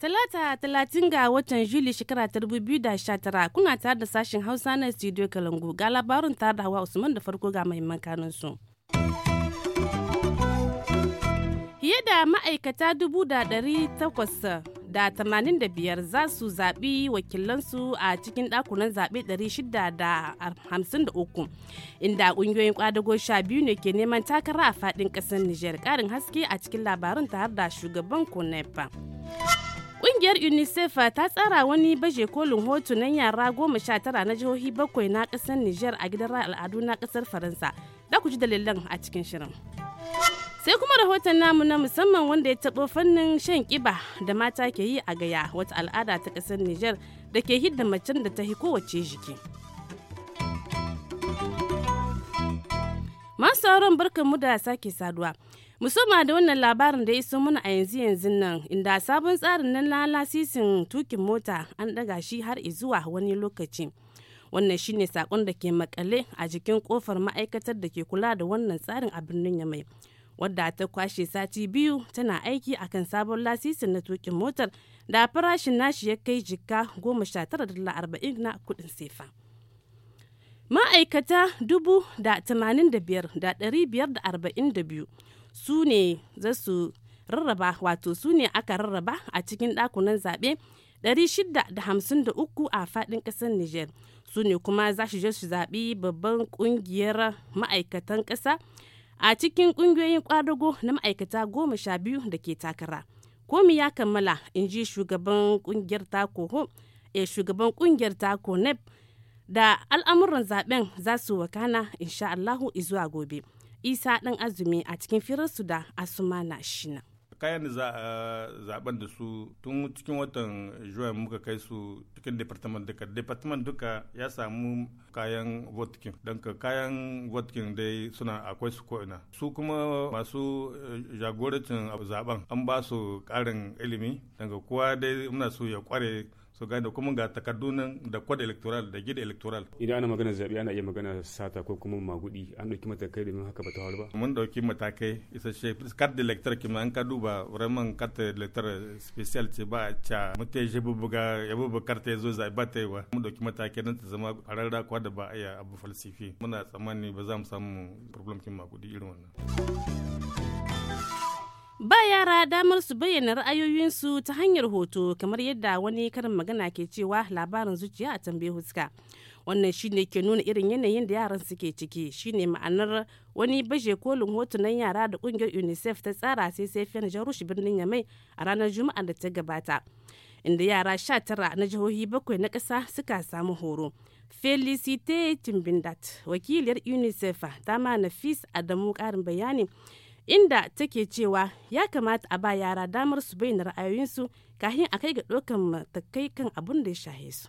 Talata talatin ga watan Juli shekara ta tara kuna tare da sashen Hausa na studio Kalangu ga labarin tare da Hawa Usman da farko ga mahimman kanunsu. Fiye da ma'aikata dubu da ɗari takwas da 85 za su zaɓi wakilansu a cikin ɗakunan zaɓe 653 inda ƙungiyoyin ƙwadago sha biyu ne ke neman takara a faɗin ƙasar Nijar ƙarin haske a cikin labarin har da shugaban Kunepa. Ƙungiyar UNICEF ta tsara wani baje kolin hotunan yara goma sha tara na jihohi bakwai na ƙasar Nijar a gidan al'adu na ƙasar Faransa. Da ku ji dalilan a cikin shirin. sai kuma rahoton namu na musamman wanda ya taɓo fannin shan ƙiba da mata ke yi a gaya wata al'ada ta ƙasar Nijar da ke hidda macen da ta yi kowace jiki. Masu sauran barkan mu da sake saduwa. Musoma da wannan labarin da ya iso mana a yanzu yanzu nan inda sabon tsarin nan na lasisin tukin mota an daga shi har zuwa wani lokaci. wannan shi ne sakon da ke makale a jikin kofar ma'aikatar da ke kula da wannan tsarin a birnin yamai wadda ta kwashe sati biyu tana aiki akan sabon lasisin na tukin motar da farashin nashi ya kai jika goma sha tara na kudin sefa ma'aikata dubu su ne za su rarraba wato su ne aka rarraba a cikin ɗakunan zaɓe 653 a faɗin ƙasar Nijar. Su ne kuma za su je su zaɓi babban ƙungiyar ma'aikatan ƙasa a cikin ƙungiyoyin ƙwadago na ma'aikata goma sha biyu da ke takara komi ya kammala in ji shugaban ƙungiyar tako e eh, shugaban ƙungiyar tako nep da al'amuran zaben za su wakana insha Allahu izuwa gobe isa ɗan azumi a cikin firar su da asuma na shina kayan da za a zaben da su tun cikin watan juwan muka kai su cikin departament duka departament duka ya samu kayan votkin don ka kayan votkin dai suna akwai su ko'ina su kuma masu eh, jagorancin zaben an ba su karin ilimi don kowa dai muna su ya kware so da kuma ga takardun da kwad electoral da gida electoral idan ana magana zabi ana iya magana sata ko kuma magudi an dauki matakai domin haka ba ta faru ba mun dauki matakai isasshe card lecteur ki an ka duba vraiment de lecteur special ce ba ca mutai je bubuga ya bubu carte zo zai ba ta ba mun dauki matakai don ta zama hararra kwa da ba a abu falsifi muna tsammani ba za mu samu problem kin magudi irin wannan ba yara damar su bayyana ra'ayoyinsu ta hanyar hoto kamar yadda wani karin magana ke cewa labarin zuciya a tambayi huska wannan shine ke nuna irin yanayin da yaran suke ciki shine ma'anar wani baje kolin hotunan yara da kungiyar unicef ta tsara sai safiyan jarushi birnin yamai a ranar juma'a da ta gabata inda yara sha tara na jihohi bakwai na ƙasa suka samu horo felicite timbindat wakiliyar unicef ta ma nafis adamu ƙarin bayani inda take cewa ya kamata a ba yara damar su bayyana ra'ayoyinsu kafin a kai ga ɗaukan matakai kan abin da ya shahe su.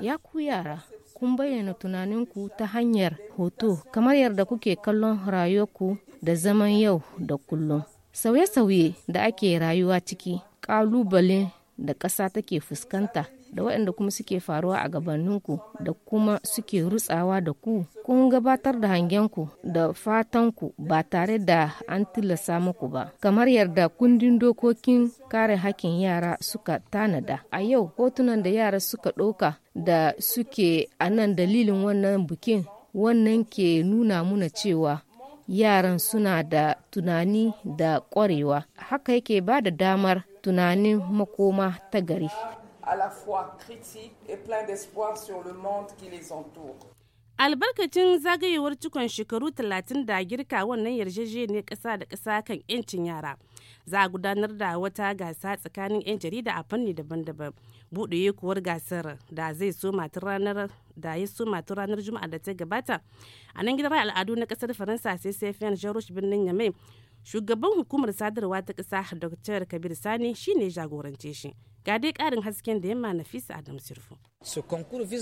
Ya ku yara, kun bayyana tunaninku ta hanyar hoto kamar yadda kuke kallon rayuwarku da zaman yau da kullum. Sauye-sauye da ake rayuwa ciki, ƙalubale da ƙasa take fuskanta da waɗanda kuma suke faruwa a gabaninku da kuma suke rutsawa da ku kun gabatar da hangenku da fatanku ba tare da an tilasta muku ba kamar yarda kundin dokokin kare hakkin yara suka tanada a yau hotunan da yara suka ɗauka da suke a nan dalilin wannan bikin wannan ke nuna muna cewa yaran suna da tunani da ƙwarewa haka yake ba da damar tunanin makoma ta gari à la fois critiques et pleins d'espoir sur le monde qui les entoure. albarkacin zagayewar cikon shekaru 30 da girka wannan yarjejeniyar kasa da kasa kan 'yancin yara za a gudanar da wata gasa tsakanin 'yan jarida a fanni daban-daban buɗe kuwar gasar da zai so matu ranar da ya so matu ranar juma'a da ta gabata a nan gidan al'adu na kasar faransa sai sefiyan jarush birnin yamai shugaban hukumar sadarwa ta ƙasa dr kabir sani shine jagorance shi Ga dai ƙarin hasken da yamma Nafisa Adam Sirfu.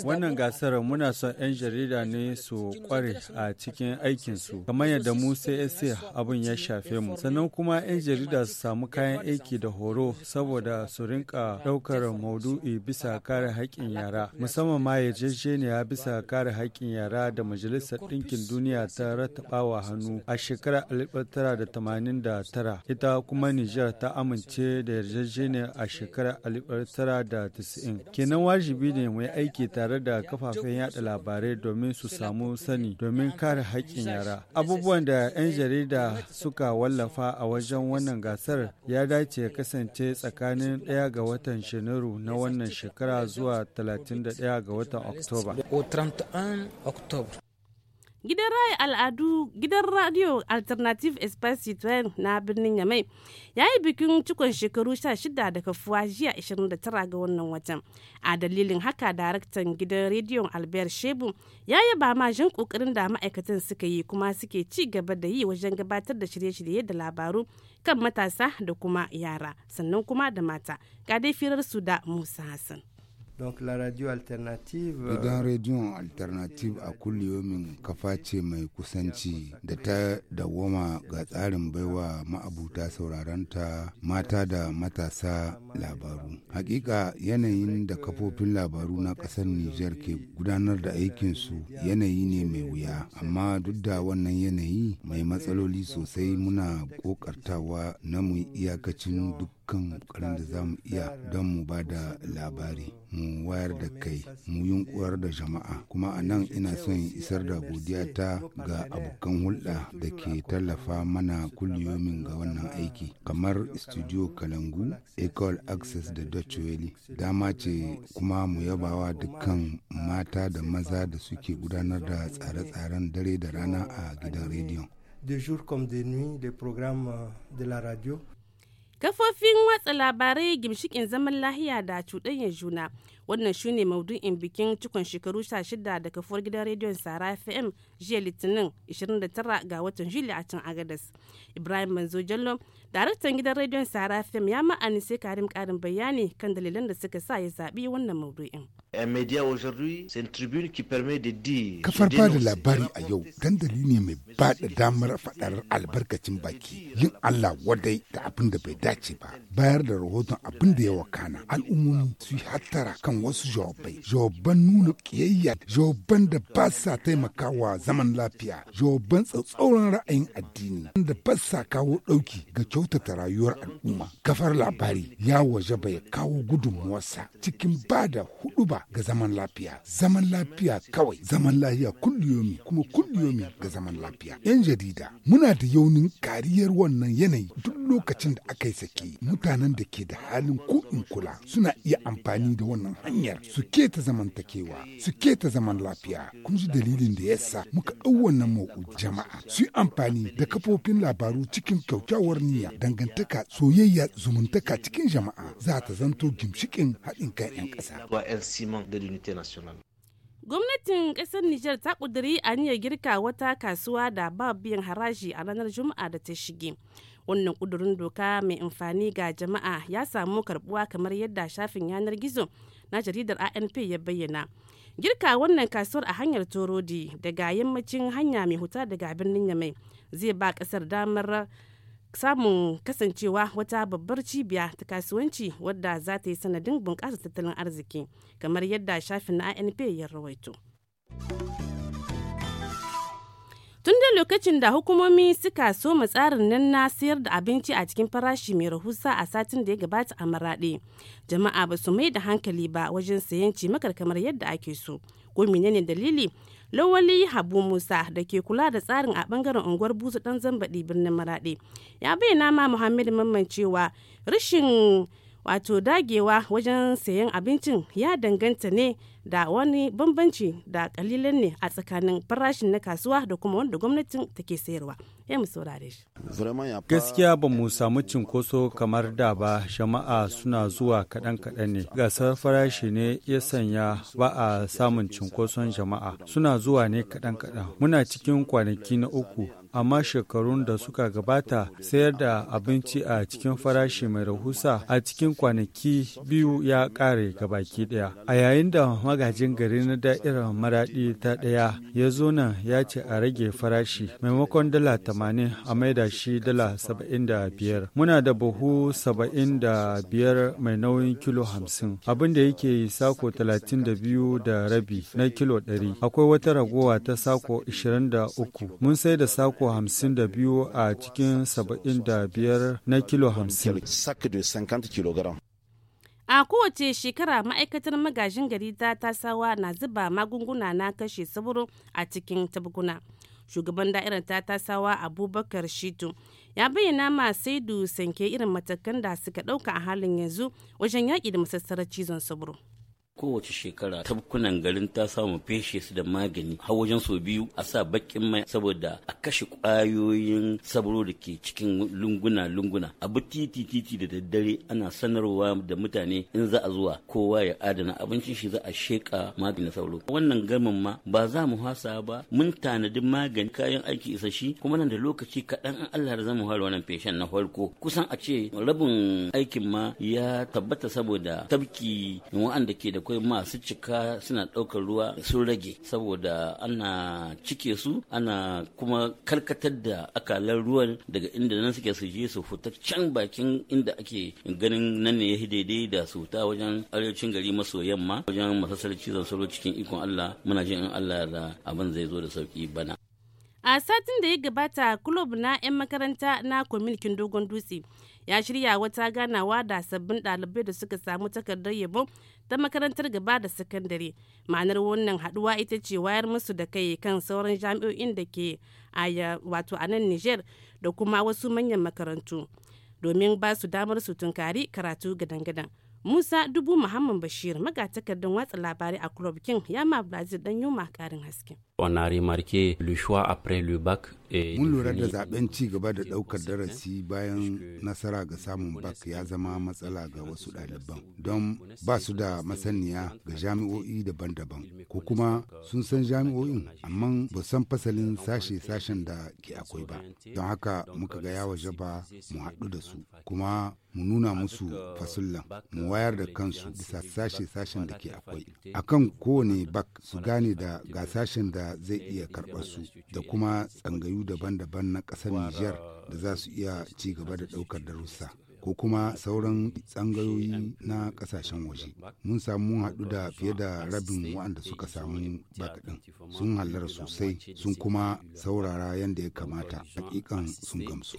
Wannan gasar muna son 'yan jarida ne su kware a cikin aikinsu, kamar yadda mu CSA abin ya shafe mu. Sannan kuma 'yan jarida su samu kayan aiki da horo saboda su rinka ɗaukar maudu'i bisa kare haƙƙin yara, musamman ma ya yarjejeniya bisa kare haƙƙin yara da Majalisar Ɗinkin Duniya ta rattabawa hannu a shekarar 1989. Ita kuma Nijar ta amince da yarjejeniyar a shekarar 1990. Kenan wajibi ne yi aiki tare da kafafen yada labarai domin su samu sani domin kare haƙƙin yara. Abubuwan da 'yan jarida suka wallafa a wajen wannan gasar ya dace ya kasance tsakanin 1 ga watan Janairu na wannan shekara zuwa 31 ga watan Oktoba. Gidan raya al'adu gidan radio Alternative Espace Citoyen na birnin Yamai ya yi bikin cikon shekaru 16 daga kafuwa jiya 29 ga wannan watan. A dalilin haka daraktan gidan rediyon Albert Shebu ya yi ba ma kokarin da ma'aikatan suka yi kuma suke ci gaba da yi wajen gabatar da shirye-shirye da labaru kan matasa da kuma yara sannan kuma da mata. Ga firar su da Musa Hassan. Donc la radio alternative Idan euh, rediyon alternative a kuliyomin kafa ce mai kusanci da ta dawoma ga tsarin baiwa ma'abuta ta mata da matasa labaru. Hakika yanayin da kafofin labaru na ƙasar Nijar ke gudanar da aikinsu yanayi ne mai wuya, amma duk da wannan yanayi mai matsaloli sosai muna ƙoƙartawa na mu iyakacin duk kan karin da za mu iya don mu ba da labari mu wayar da kai mu yunkuwar da jama'a kuma a nan ina son isar da godiya ta ga abokan hulɗa da ke tallafa mana kulliyomin ga wannan aiki kamar studio kalangu ecole access da dutch dama ce kuma mu yabawa dukkan mata da maza da suke gudanar da tsare-tsaren dare da rana a gidan rediyon de jour comme de nuit les programmes euh, de la radio Kafofin watsa labarai gimshikin zaman lahiya da cuɗanyar juna wannan shine maudu'in bikin cikon shekaru 16 da kafuwar gidan rediyon sara fm jiya litinin 29 ga watan juli a can agadas ibrahim manzo jallo daraktan gidan rediyon sara fm ya ma'ani sai karim karin bayani kan dalilan da suka sa ya zaɓi wannan maudu'in un média da labari a yau dandali ne mai ba da damar faɗar albarkacin baki yin Allah wadai da abin da bai dace ba bayar da rahoton abin da ya wakana al'ummomi su yi hattara kan kan wasu jawabai jawaban nuna kiyayya jawaban da ba sa taimakawa zaman lafiya jawaban tsatsauran ra'ayin addini da ba sa kawo ɗauki ga kyautata rayuwar al'umma kafar labari ya waje bai kawo gudunmuwarsa cikin ba da hudu ba ga zaman lafiya zaman lafiya kawai zaman lafiya kulliyomi kuma kulliyomi ga zaman lafiya yan jarida muna da yaunin kariyar wannan yanayi duk lokacin da aka yi sake mutanen da ke da halin ko in kula suna iya amfani da wannan hanyar su keta zamantakewa su keta zaman lafiya kun ji dalilin da yasa muka ɗau wannan mauku jama'a su yi amfani da kafofin labaru cikin kyaukyawar niyya dangantaka soyayya zumuntaka cikin jama'a za ta zanto gimshikin haɗin kan 'yan ƙasa. Gwamnatin ƙasar Nijar ta ƙudiri aniyar girka wata kasuwa da ba biyan haraji a ranar Juma'a da ta shige. Wannan ƙudurin doka mai amfani ga jama'a ya samu karɓuwa kamar yadda shafin yanar gizo na jaridar anp ya bayyana girka wannan kasuwar a hanyar torodi daga yammacin hanya mai huta daga birnin yamai zai ba kasar damar samun kasancewa wata babbar cibiya ta kasuwanci wadda za ta yi sanadin bunƙasa tattalin arziki kamar yadda shafin na anp ya rawaito. Tun da lokacin da hukumomi suka soma tsarin nan na sayar da abinci a cikin farashi mai rahusa a satin da ya gabata a maraɗe, jama'a ba su mai da hankali ba wajen sayan cimakar kamar yadda ake so. Ko menene dalili? Lawali Habu Musa da ke kula da tsarin a bangaren unguwar Buzu dan Zambaɗi birnin Maraɗe. Ya bayyana ma Muhammadu Mamman cewa rashin wato dagewa wajen sayan abincin ya danganta ne da wani bambanci da kalilan ne a tsakanin farashin na kasuwa da kuma wanda gwamnatin take sayarwa ya mu saurare shi gaskiya ba mu samu cinkoso kamar da ba jama'a suna zuwa kaɗan kaɗan ne gasar farashi ne ya sanya ba a samun cinkoson jama'a suna zuwa ne kaɗan kaɗan muna cikin kwanaki na uku amma shekarun da suka gabata sayar da abinci a cikin farashi mai rahusa a cikin kwanaki biyu ya kare gabaki daya a yayin da magajin gari na da'irar maradi ta daya ya zo nan ya ce a rage farashi maimakon dala tamanin a maida shi dala saba'in da biyar muna da buhu saba'in da biyar mai nauyin kilo hamsin abin da yake sako talatin da biyu da rabi na kilo ɗari akwai wata ragowa ta sako ishirin da uku mun sai da sako 352 a cikin 75 na kilo 50. A kowace shekara ma'aikatar magajin gari ta tasawa na zuba magunguna na kashe saburo a cikin tabguna. Shugaban da'irar ta tasawa Abubakar Shitu ya bayyana ma Saidu Sanke irin matakan da suka ɗauka a halin yanzu wajen yaƙi da masassarar cizon saburo. kowace shekara tabkunan garin ta samu feshe su da magani har wajen sau biyu a sa bakin mai saboda a kashe kwayoyin sabro da ke cikin lunguna lunguna abu titi titi da daddare ana sanarwa da mutane in za a zuwa kowa ya adana abincin shi za a sheka maganin sauro wannan gamin ma ba za mu hasa ba mun tanadi magani kayan aiki isashi kuma nan da lokaci kaɗan an Allah da zamu fara wannan feshen na farko kusan a ce rabin aikin ma ya tabbata saboda tabki wa'anda ke da akwai masu cika suna ɗaukar ruwa sun rage saboda ana cike su ana kuma karkatar da akalar ruwan daga inda nan suke su je su fita can bakin inda ake ganin nan ne ya daidai da su ta wajen arewacin gari maso yamma wajen masasar cizon sauro cikin ikon Allah muna jin in Allah da abin zai zo da sauki bana. A satin da ya gabata kulob na 'yan makaranta na kwamilkin dogon dutse ya shirya wata ganawa da sabbin dalibai da suka samu takardar yabo ta makarantar gaba da sakandare ma'anar wannan haduwa ita ce wayar musu da kai kan sauran jami'o'in da ke wato a nan niger da kuma wasu manyan makarantu domin ba su damar su tunkari karatu gadan-gadan musa dubu muhammad bashir magatakardan watsa labarai a club king yama brazil dan yuma karin haske on a le choix après le bac Eh, mun lura da zaben ci gaba da daukar darasi bayan nasara ga samun bak ya zama matsala ga wasu ɗaliban don ba su da masaniya ga jami'o'i daban-daban ko kuma sun san jami'o'in amma ba san fasalin sashe-sashen da ke akwai ba don haka muka ga yawa jaba mu haɗu da su kuma mu nuna musu fasullan mu wayar da kansu bisa sashe-sashen da ke akwai akan kowane bak su gane da ga sashen da zai eh, iya karɓar su da kuma tsangayu al'adu daban-daban na ƙasar Nijar da za su iya ci gaba da ɗaukar darussa. ko kuma sauran tsangayoyi na kasashen waje mun samu haɗu da fiye da rabin waɗanda suka samu bakaɗin sun hallara sosai sun kuma saurara yadda ya kamata hakikan sun gamsu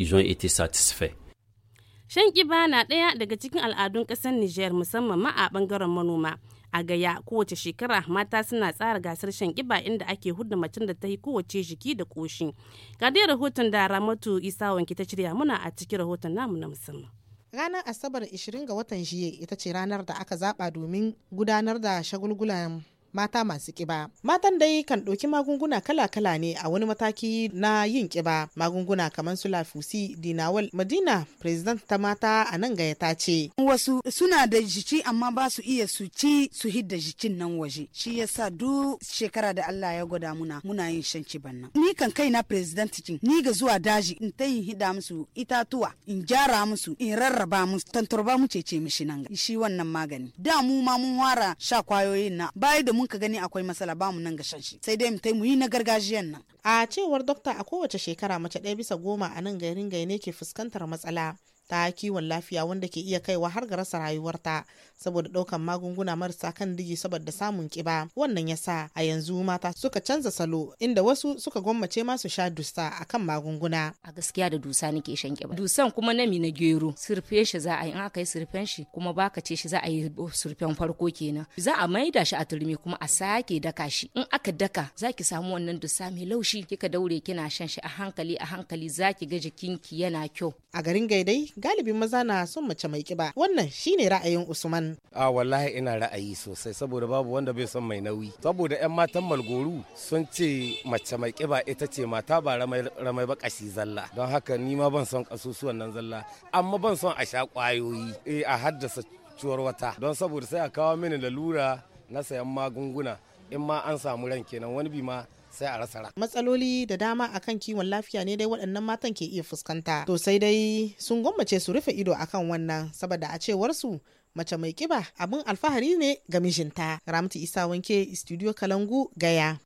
Shan kiba na ɗaya daga cikin al'adun ƙasar Nijar musamman ma a ɓangaren manoma. A gaya kowace shekara mata suna tsara gasar shan kiba inda ake hudda macen da ta yi kowace jiki da ƙoshi. Ga dai rahoton da Ramatu Isa wanki ta shirya muna a cikin rahoton namu na musamman. Ranar Asabar 20 ga watan jiya ita ce ranar da aka zaba domin gudanar da shagulgulan mata masu ƙiba. Matan dai kan ɗauki magunguna kala-kala ne a wani mataki na yin ƙiba. Magunguna kamar su lafusi, dinawal, madina, president ta mata a nan gaya ta ce. Wasu suna da jici amma ba su iya su ci su hidda jicin nan waje. Shi yasa duk shekara da Allah ya gwada muna muna yin shan ciban nan. Ni kan kaina president cin. ni ga zuwa daji in ta yin hida musu itatuwa in gyara musu in rarraba musu tantorba mu ce mishi nan shi wannan magani. Da mu ma mun wara sha kwayoyin na bayan da mun mun ka gani akwai matsala ba mu nan ga shan sai dai mu tai mu yi na gargajiyan nan a cewar dokta a kowace shekara mace ɗaya bisa goma a nan garin gaine ke fuskantar matsala ta kiwon lafiya wanda ke iya kaiwa har ga rasa rayuwarta saboda ɗaukan magunguna marasa kan digi saboda samun kiba wannan ya sa a yanzu mata suka canza salo inda wasu suka gwammace masu su sha dusa akan magunguna a gaskiya da dusa nake shan kiba dusan kuma nami na gero surfe shi za a yi in aka yi surfen shi kuma baka ce shi za a yi surfen farko kenan za a maida shi a turmi kuma a sake daka shi in aka daka zaki samu wannan dusa mai laushi kika daure kina shan shi a hankali a hankali zaki ki ga jikinki yana kyau a garin gaidai galibi maza na son mace mai kiba wannan shine ra'ayin usman a wallahi ina ra'ayi sosai saboda babu wanda bai son mai nauyi saboda yan matan malgoru sun ce mace mai kiba ita ce mata ba ramai bakashi zalla don haka ni ma ban son kasusuwan nan zalla amma ban son a sha kwayoyi eh a haddasa cuwar wata don saboda sai a kawo mini lalura na sayan magunguna in ma an samu ran kenan wani bi ma sai a rasa Matsaloli da dama akan kiwon lafiya ne dai waɗannan matan ke iya fuskanta. To sai dai sun gwammace su rufe ido akan wannan saboda a cewar su mace mai kiba abin alfahari ne ga mijinta. Ramtu Isa Wanke, Studio Kalangu, Gaya.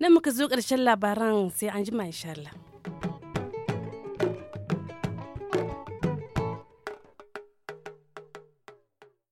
Nan muka zo ƙarshen labaran sai an ji insha Allah.